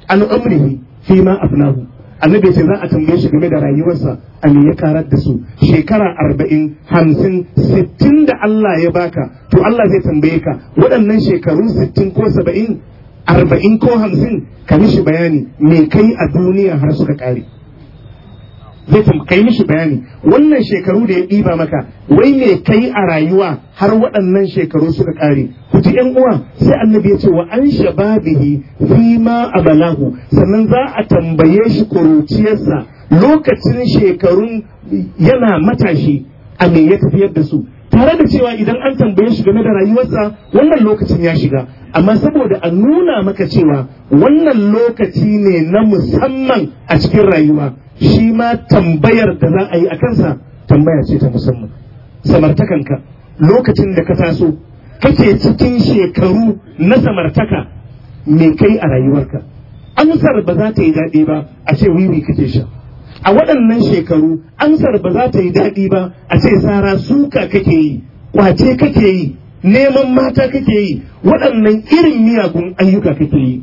an umrihi fi ma afnahu annabi ce za a tambaye shi game da rayuwarsa a me ya karar da su shekara arba'in hamsin sittin da Allah ya baka to Allah zai tambaye ka waɗannan shekaru sittin ko saba'in arba'in ko hamsin ka mishi bayani me kai a duniya har suka ƙare zai kai mishi bayani wannan shekaru da ya ɗiba maka wai mai kai a rayuwa har waɗannan shekaru suka ƙare ku ji ƴan uwa sai annabi ya ce wa an shababihi fi ma abalahu sannan za a tambaye shi kuruciyarsa lokacin shekarun yana matashi a me ya tafiyar da su tare da cewa idan an tambaye shi game da rayuwarsa wannan lokacin ya shiga amma saboda a nuna maka cewa wannan lokaci ne na musamman a cikin rayuwa shi ma tambayar da za a yi a kansa tambaya ce ta musamman samartakanka lokacin da ka taso kake cikin shekaru na samartaka me kai a rayuwarka amsar ba za ta yi daɗi ba a ce wiwi kake sha a waɗannan shekaru amsar ba za ta yi daɗi ba a ce sara suka kake yi kwace kake yi neman mata kake yi waɗannan irin miyagun ayyuka kake yi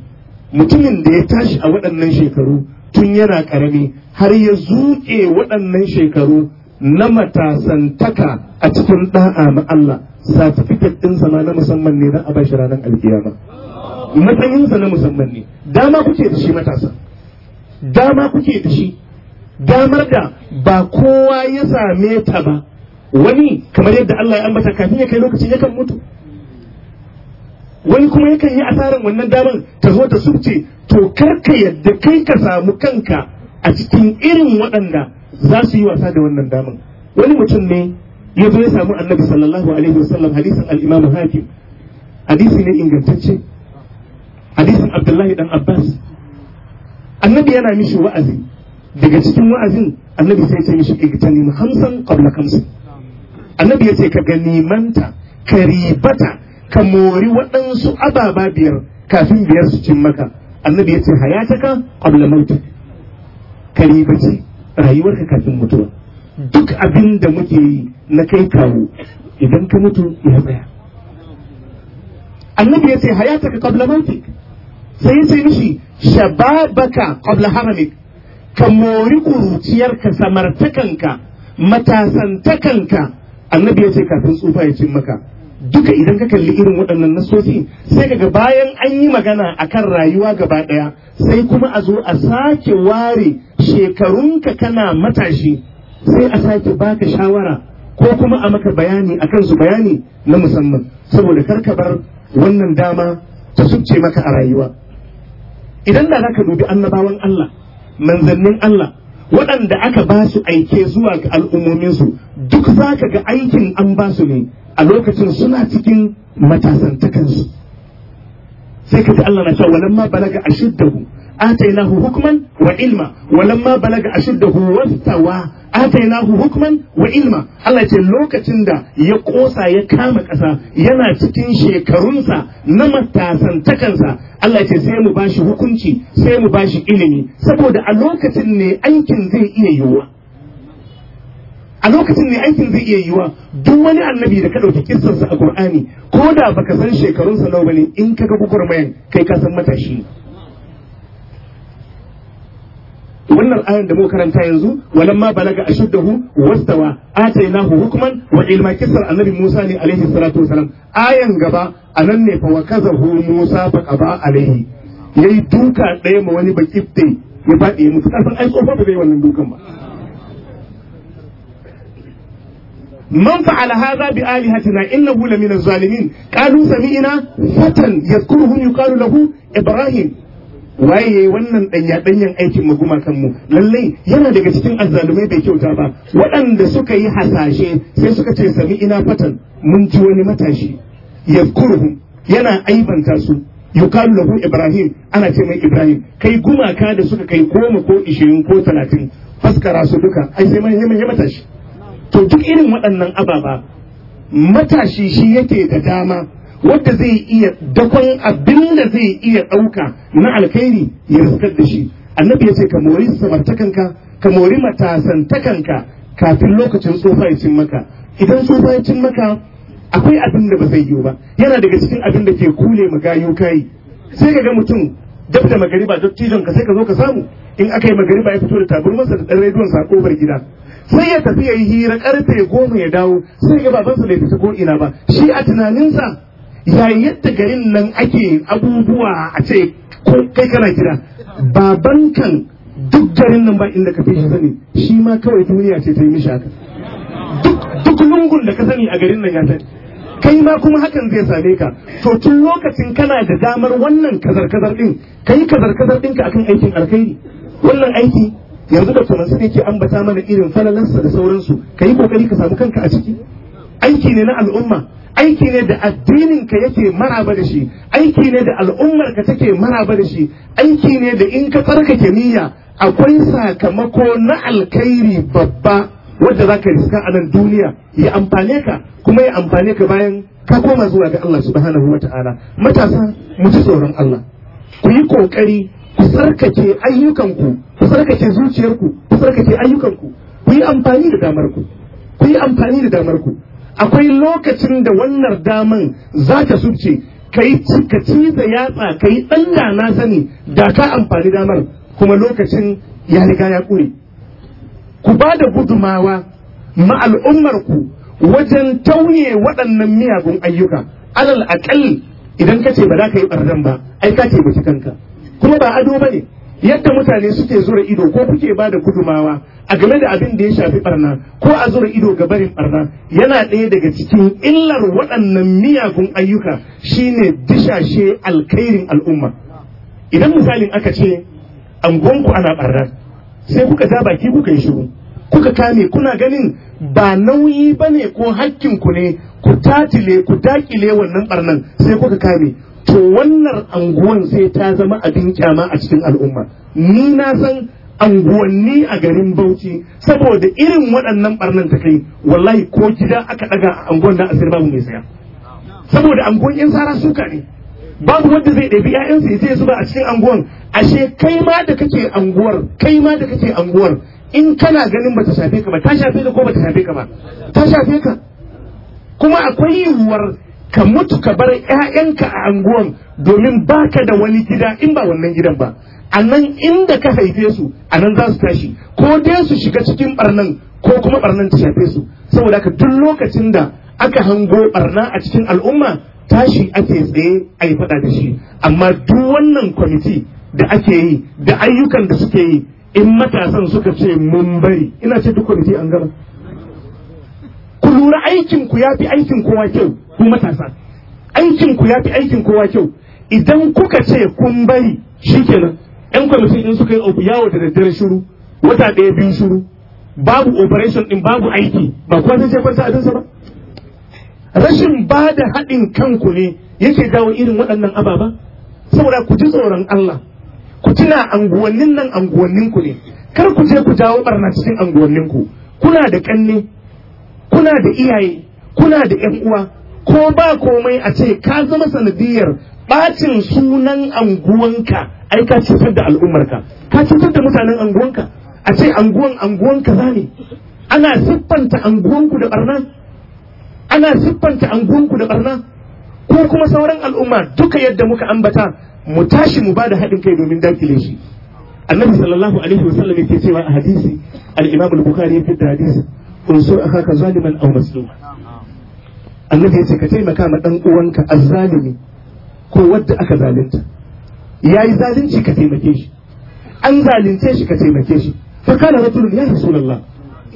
mutumin da ya tashi a waɗannan shekaru tun yana ƙarami har ya zuƙe waɗannan shekaru na matasantaka a cikin ɗa'a na Allah satifiket ɗin ma na musamman ne na a bashi ranar alkiyama matsayinsa na musamman ne dama kuke da shi matasa dama kuke da shi damar da ba kowa ya same ta ba wani kamar yadda Allah ya ambata kafin ya kai lokacin yakan mutu wani kuma yakan yi asarar wannan damar ta zo ta subce to karka yadda kai ka samu kanka a cikin irin waɗanda za su yi wasa da wannan damar wani mutum ne ya zo ya samu annabi sallallahu alaihi wasallam hadisin al-imam hakim hadisi ne ingantacce hadisin abdullahi dan abbas annabi yana mishi wa'azi daga cikin wa'azin annabi sai ya ce mishi igtanim hamsan qabla khamsin annabi ya ce ka ganimanta ka ribata ka mori waɗansu ababa biyar kafin biyar su cin maka annabi ya ce hayataka qabla mautik ka ribaci rayuwarka kafin mutuwa duk abin da muke yi na kai kawo idan ka mutu ya tsaya annabi ya ce hayataka qabla mutu sai sai mishi shababaka qabla haramik ka mori kuruciyarka samartakanka matasantakanka annabi ya ce kafin tsufa ya cin maka duka idan ka kalli irin waɗannan nasosi sai kaga bayan an yi magana akan rayuwa gaba ɗaya sai kuma a zo a sake ware shekarunka kana matashi sai a sake baka shawara ko kuma a maka bayani akan su bayani na musamman saboda karkabar bar wannan dama ta subce maka a rayuwa idan da za ka dubi annabawan Allah manzannin Allah waɗanda aka ba su aike zuwa ga al'ummominsu duk za ka ga aikin an ba su ne a lokacin suna cikin matasantakansu sai ka ji Allah na cewa walamma balaga ashiddahu atainahu hukman wa ilma walamma balaga ashiddahu wastawa atainahu hukman wa ilma Allah ce lokacin da ya kosa ya kama ƙasa yana cikin shekarunsa na matasantakansa Allah ce sai mu bashi hukunci sai mu bashi ilimi saboda a lokacin ne aikin zai iya yiwuwa a lokacin ne aikin zai iya yiwuwa duk wani annabi da ka ɗauki kissarsa a Qur'ani ko da baka san shekarunsa nawa bane in ka ga gugurmayan kai ka san matashi wannan ayan da muka karanta yanzu walamma balaga ashuddahu wastawa atainahu hukman wa ilma kisar annabi Musa ne alaihi salatu wasalam ayan gaba anan ne fa wakazahu Musa fa qaba alaihi yayi duka ɗaya ma wani bakifte ya faɗi ya mutu karfin ai tsofa ba zai wannan dukan ba man fa'ala hadha bi alihatina innahu lamina zalimin qalu sami'na fatan yadhkuruhum yuqalu lahu ibrahim waye yayi wannan danya danyan aikin maguma kanmu lallai yana daga cikin azzalumai bai kyauta ba waɗanda suka yi hasashe sai suka ce sami ina fatan mun ji wani matashi yafkurhum yana aibanta su yukalu lahu ibrahim ana ce mai ibrahim kai gumaka da suka kai goma ko ishirin ko talatin faskara su duka ai sai mai manya matashi to duk irin waɗannan ababa matashi shi yake da dama wanda zai iya dakon abin da zai iya ɗauka na alkhairi ya riskar da shi annabi ya ce ka mori samartakanka ka mori matasantakanka kafin lokacin tsofa ya cin maka idan tsofa ya cin maka akwai abin da ba zai yiwu ba yana daga cikin abin da ke kule magayo kai sai ka ga mutum dab da magariba dattijon ka sai ka zo ka samu in aka yi magariba ya fito da taburmansa da ɗan rediyon sa kofar gida sai ya tafi ya yi hira karfe goma ya dawo sai ga babansa bai fita ko ina ba shi a tunaninsa ya yadda garin nan ake abubuwa a ce ko kai kana gida baban kan duk garin nan ba inda ka fi shi sani shi ma kawai duniya ce ta yi mishi haka duk lungun da ka sani a garin nan ya sani kai ma kuma hakan zai same ka to tun lokacin kana da damar wannan kazar kazar din kai kazar kazar ɗinka akan aikin alkhairi wannan aiki yanzu da tunan ne ke ambata mana irin falalarsa da sauransu ka yi kokari ka samu kanka a ciki aiki ne na al'umma aiki ne da addininka yake maraba da shi aiki ne da al'ummarka take maraba da shi aiki ne da in ka tsarkake niyya akwai sakamako na alkhairi babba wanda za ka riska a nan duniya ya amfane ka kuma ya amfane ka bayan ka koma zuwa ga Allah subhanahu wa ta'ala matasa mu ji tsoron Allah ku yi kokari ku tsarkake ayyukanku ku tsarkake zuciyarku ku tsarkake ayyukanku ku yi amfani da damarku ku yi amfani da damarku akwai lokacin da wannan daman za ta subce ka yi ciza yatsa ka yi ɗan da na sani da ka amfani damar kuma lokacin ya riga ya ƙure ku ba da gudumawa ma al'ummarku wajen tauye waɗannan miyagun ayyuka alal aƙalli idan ka ce ba za ka yi ɓarnan ba ai ka ce kanka kuma ba ado ba ne yadda mutane suke zura ido ko kuke ba da gudumawa a game da abin da ya shafi barna ko a zura ido ga barin barna yana ɗaya daga cikin illar waɗannan miyagun ayyuka shine dishashe alkairin al'umma idan misalin aka ce angonku ana barna sai kuka ja baki kuka yi shiru kuka kame kuna ganin ba nauyi ba ne ko hakkinku ne ku tatile ku daƙile wannan barnan sai kuka kame to wannan anguwan sai ta zama abin kyama a cikin al'umma ni na san anguwanni a garin Bauchi saboda irin waɗannan barnan ta kai wallahi ko gida aka daga a anguwan da asir babu mai saya saboda anguwan yan sara suka ne babu wanda zai ɗabi ƴaƴansa ya ce su ba a cikin anguwan ashe kai ma da kake anguwar kai ma da kake anguwar in kana ganin bata shafe ka ba ta shafe ka ko bata shafe ka ba ta shafe ka kuma akwai yiwuwar ka mutu ka bar ƴaƴanka a anguwan domin baka da wani gida in ba wannan gidan ba a nan inda ka haife su a nan za su tashi ko dai su shiga cikin barnan ko kuma barnan ta shafe su saboda haka duk lokacin da aka hango barna a cikin al'umma tashi ake tsaye a yi faɗa da shi amma duk wannan kwamiti da ake yi da ayyukan da suke yi in matasan suka ce mun bari ina ce duk kwamiti an gama ku lura aikin ku ya fi aikin kowa kyau ku matasa aikin ku ya fi aikin kowa kyau idan kuka ce kun bari shikenan yan kwamitin in suka yi abu yawo da daddare shiru wata ɗaya biyu shiru babu operation din babu aiki ba kuwa zai kwanta a ba rashin ba da haɗin kanku ne yake jawo irin waɗannan ababa saboda ku ji tsoron Allah ku tuna anguwannin nan anguwannin ku ne kar ku je ku jawo barna cikin anguwannin ku kuna da kanne kuna da iyaye kuna da yan uwa ko ba komai a ce ka zama sanadiyar bacin sunan anguwanka ai ka cutar da al'ummarka ka cutar da mutanen anguwanka a ce anguwan anguwan za ne ana siffanta anguwanku da barna ana siffanta anguwanku da barna ko kuma sauran al'umma duka yadda muka ambata mu tashi mu bada haɗin kai domin dakile shi annabi sallallahu alaihi wasallam yake cewa a hadisi al-imam al-bukhari ya da hadisi unsur akaka zaliman aw Masluma? annabi yace ka taimaka ma dan uwanka azzalimi ko wadda aka zalunta yayi zalunci ka taimake shi an zalunce shi ka taimake shi fa kana rajulun ya rasulullah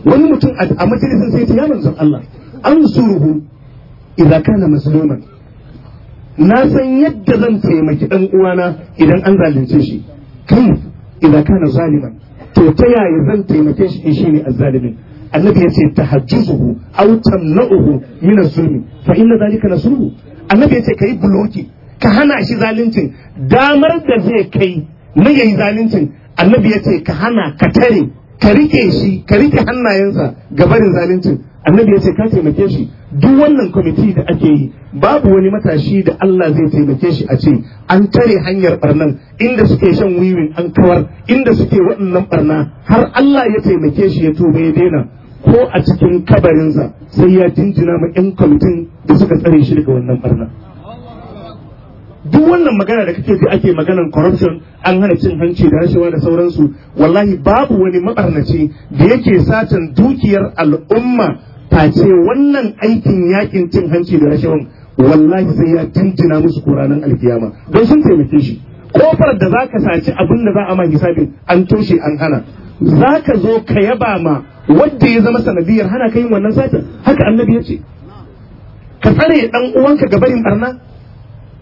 wani mutum a majalisin sai ya manzon Allah an suruhu idza kana mazluman na san yadda zan taimaki dan uwana idan an zalunce shi kai idza kana zaliman to ta yaya zan taimake shi in shine azzalimin annabi ya ce tahajjuzuhu aw tamna'uhu min az zulm fa inna zalika nasruhu annabi yace ce kai bloki ka hana shi zaluncin damar da zai kai na yayi zaluncin annabi ya ce ka hana ka tare ka rike shi ka rike hannayensa ga barin zaluncin annabi yace ka taimake shi duk wannan kwamiti da ake yi babu wani matashi da Allah zai taimake shi a ce an tare hanyar barnan inda suke shan wiwin an kawar inda suke waɗannan barna har Allah ya taimake shi ya tobe ya daina ko a cikin kabarinsa sai ya jinjina ma 'yan kwamitin da suka tsare shi daga wannan barna duk wannan magana da kake ji ake maganan corruption an hana cin hanci da rashawa da sauransu wallahi babu wani mabarnaci da yake satan dukiyar al'umma face wannan aikin yakin cin hanci da rashawan wallahi sai ya jinjina musu kuranan alkiyama don sun taimake shi kofar da za ka saci abin da za a ma hisabin an toshe an hana za ka zo ka yaba ma wadda ya zama sanadiyar hana ka yin wannan satin haka annabi ya ce ka tsare dan uwanka ga barna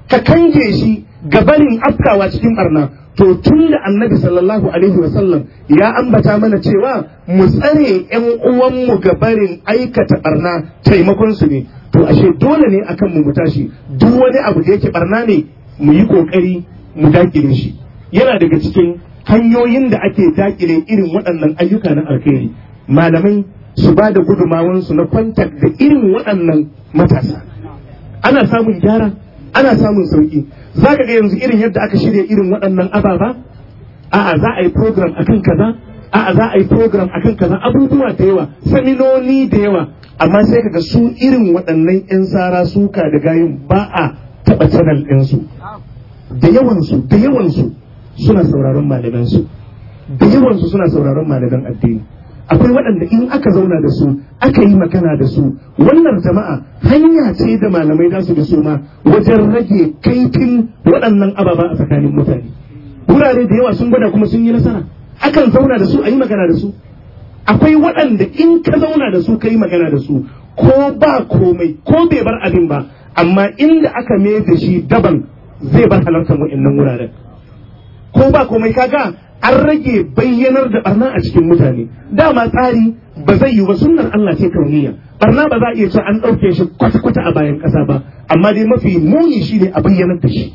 ka kange shi gabarin afkawa cikin barna to tun da annabi sallallahu alaihi wasallam ya ambata mana cewa mu tsare yan uwanmu gabarin aikata barna taimakon su ne to ashe dole ne akan mu tashi duk wani abu da yake barna ne mu yi kokari mu dakile shi yana daga cikin hanyoyin da ake takile irin waɗannan ayyuka na alkhairi malamai su ba da gudumawansu na kwantar da irin waɗannan matasa ana samun gyara ana samun sauƙi za ka ga yanzu irin yadda aka shirya irin waɗannan ababa a'a za a yi program akan kaza a'a za a yi program akan kaza abubuwa da yawa saminoni da yawa amma sai ga su irin waɗannan 'yan tsara suka da gayin ba a taɓa channel ɗinsu da yawansu da yawansu suna sauraron malaman da yawan suna sauraron malaman addini akwai waɗanda in aka zauna da su aka yi magana da su wannan jama'a hanya ce da malamai za su bi su ma wajen rage kaifin waɗannan ababa a tsakanin mutane wurare da yawa sun gwada kuma sun yi nasara akan zauna da su a yi magana da su akwai waɗanda in ka zauna da su ka yi magana da su ko ba komai ko bai bar abin ba amma inda aka mai da shi daban zai bar halartar waɗannan wuraren ko ba komai kaga an rage bayyanar da barna a cikin mutane dama tsari ba zai yi ba sunnar Allah ce kauniya barna ba za a iya ce an ɗauke shi kwata-kwata a bayan ƙasa ba amma dai mafi muni shi ne a bayyanar da shi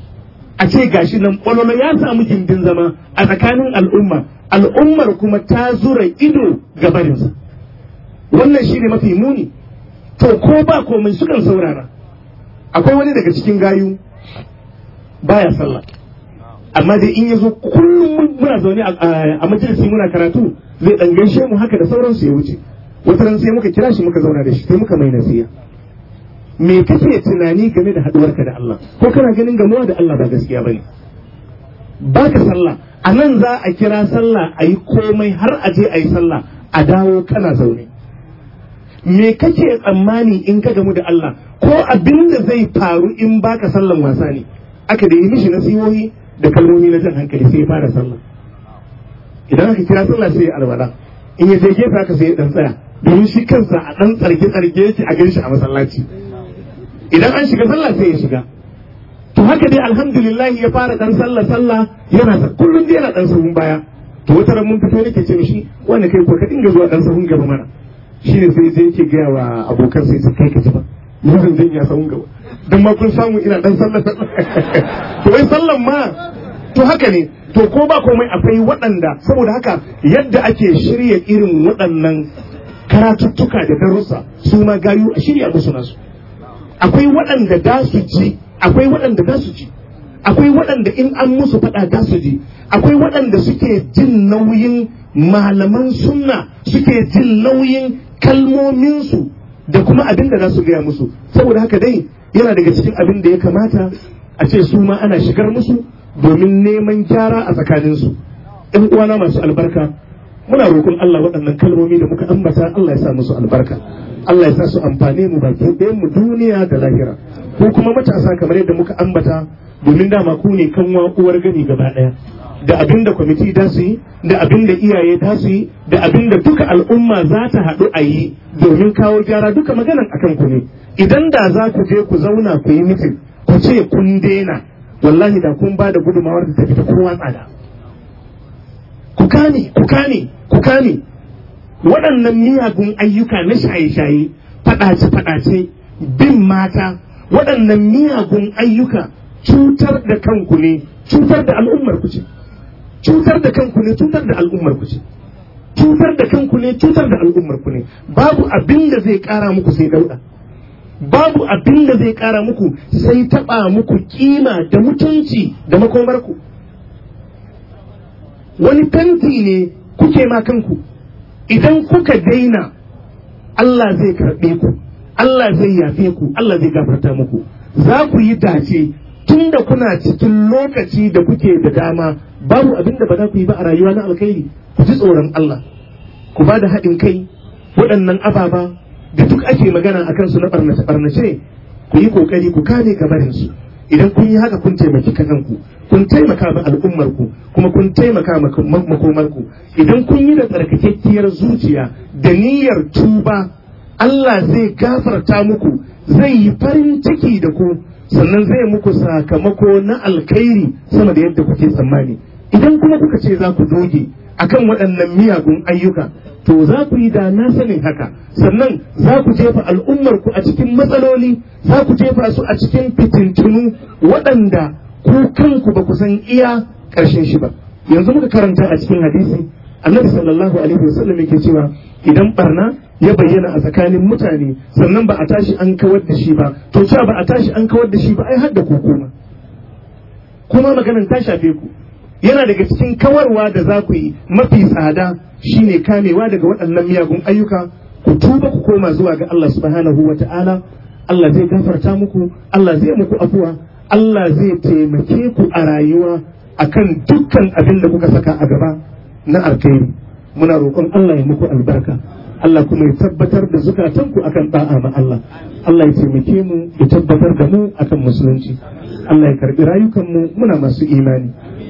a ce gashi nan ƙwalolo ya samu gindin zama a tsakanin al'umma al'ummar kuma ta zura ido ga barinsa wannan shi ne mafi muni to ko ba komai sukan saurara akwai wani daga cikin gayu baya sallah amma dai in yazo kullum muna zaune a majalisi muna karatu zai dan gaishe mu haka da sauransu ya wuce wata ran sai muka kira shi muka zauna da shi sai muka mai nasiya me kake tunani game da ka da Allah ko kana ganin gamuwa da Allah ba gaskiya bane baka sallah a nan za a kira sallah a yi komai har a je a yi sallah a dawo kana zaune me kake tsammani in ka gamu da Allah ko abin da zai faru in baka sallan wasa ne aka da yi mishi nasihohi da kalmomi na jan hankali sai fara sallah idan aka kira sallah sai ya alwala in ya je gefe haka sai ya dan tsaya domin shi kansa a dan tsarki tsarki yake a ganshi a masallaci idan an shiga sallah sai ya shiga to haka dai alhamdulillah ya fara dan sallah sallah yana da kullun dai yana dan sahun baya to wata ran mun fito nake ce mishi wanda kai ko ka dinga zuwa dan sahun gaba mana shine sai sai yake gaya wa abokan sai su kai ka ji ba mutum zai iya sahun gaba don ma kun samu ina dan sallar to wai sallan ma to haka ne to ko ba komai akwai waɗanda saboda haka yadda ake shirya irin waɗannan karatuttuka da darussa su ma gayu a shirya musu nasu akwai waɗanda da su ji akwai waɗanda da su ji akwai waɗanda in an musu faɗa da su ji akwai waɗanda suke jin nauyin malaman sunna suke jin nauyin kalmominsu da kuma abin da za su gaya musu saboda haka dai yana daga cikin abin da ya kamata a ce su ma ana shigar musu domin neman gyara a tsakaninsu ɗan uwana masu albarka muna roƙon Allah waɗannan kalmomi da muka ambata Allah ya sa musu albarka Allah ya sa su amfane mu baki ɗayan mu duniya da lahira ko kuma matasa kamar yadda muka ambata domin dama ku ne kanwa uwar gani gaba ɗaya da abin da kwamiti da su yi da abin da iyaye ta su yi da abin da duka al'umma za ta haɗu a yi domin kawo gyara duka maganan akan ku ne idan da za ku je ku zauna ku yi mitin ku ce kun daina wallahi da kun ba da gudumawar da ta kowa tsada ku kame ku kame ku kame waɗannan miyagun ayyuka na shaye-shaye faɗace-faɗace bin mata waɗannan miyagun ayyuka cutar da kanku ne cutar da al'ummar ku ce cutar da kanku ne cutar da al'ummar ku ce cutar da kanku ne cutar da al'ummar ku ne babu abin da zai kara muku sai dauda babu abin da zai kara muku sai taba muku kima da mutunci da makomar ku wani tanti ne kuke ma kanku idan kuka daina Allah zai karbe ku Allah zai yafe ku Allah zai gafarta muku za ku yi dace tunda kuna cikin lokaci da kuke da dama babu abin da ba za ku yi ba a rayuwa na alkhairi ku ji tsoron Allah ku ba da haɗin kai waɗannan ababa da duk ake magana a kansu na ɓarnace-ɓarnace ku yi kokari ku kame ka su idan kun yi haka kun taimaki kanku kun taimaka ma al'ummar kuma kun taimaka makomar ku idan kun yi da tsarkakekkiyar zuciya da niyyar tuba Allah zai gafarta muku zai yi farin ciki da ku sannan zai muku sakamako na alkhairi sama da yadda kuke tsammani idan kuma kuka ce za ku doge kan waɗannan miyagun ayyuka to za ku yi da na sanin haka sannan za ku jefa al'ummarku a cikin matsaloli za ku jefa su a cikin fitintunu waɗanda ku kanku ba ku san iya ƙarshen shi ba yanzu muka karanta a cikin hadisi annabi sallallahu alaihi wasallam yake cewa idan barna ya bayyana a tsakanin mutane sannan ba a tashi an kawar da shi ba to cewa ba a tashi an kawar da shi ba ai har da ku kuma kuma maganar ta shafe ku yana daga cikin kawarwa da za ku yi mafi tsada shine kamewa daga waɗannan miyagun ayyuka ku tuba ku koma zuwa ga Allah subhanahu wa ta'ala Allah zai gafarta muku Allah zai muku afuwa Allah zai taimake ku a rayuwa akan dukkan abin da kuka saka a gaba na alkhairi muna roƙon Allah ya muku albarka Allah kuma ya tabbatar da zukatanku akan da'a ma Allah Allah ya taimake mu ya tabbatar da mu akan musulunci Allah ya karbi rayukanmu muna masu imani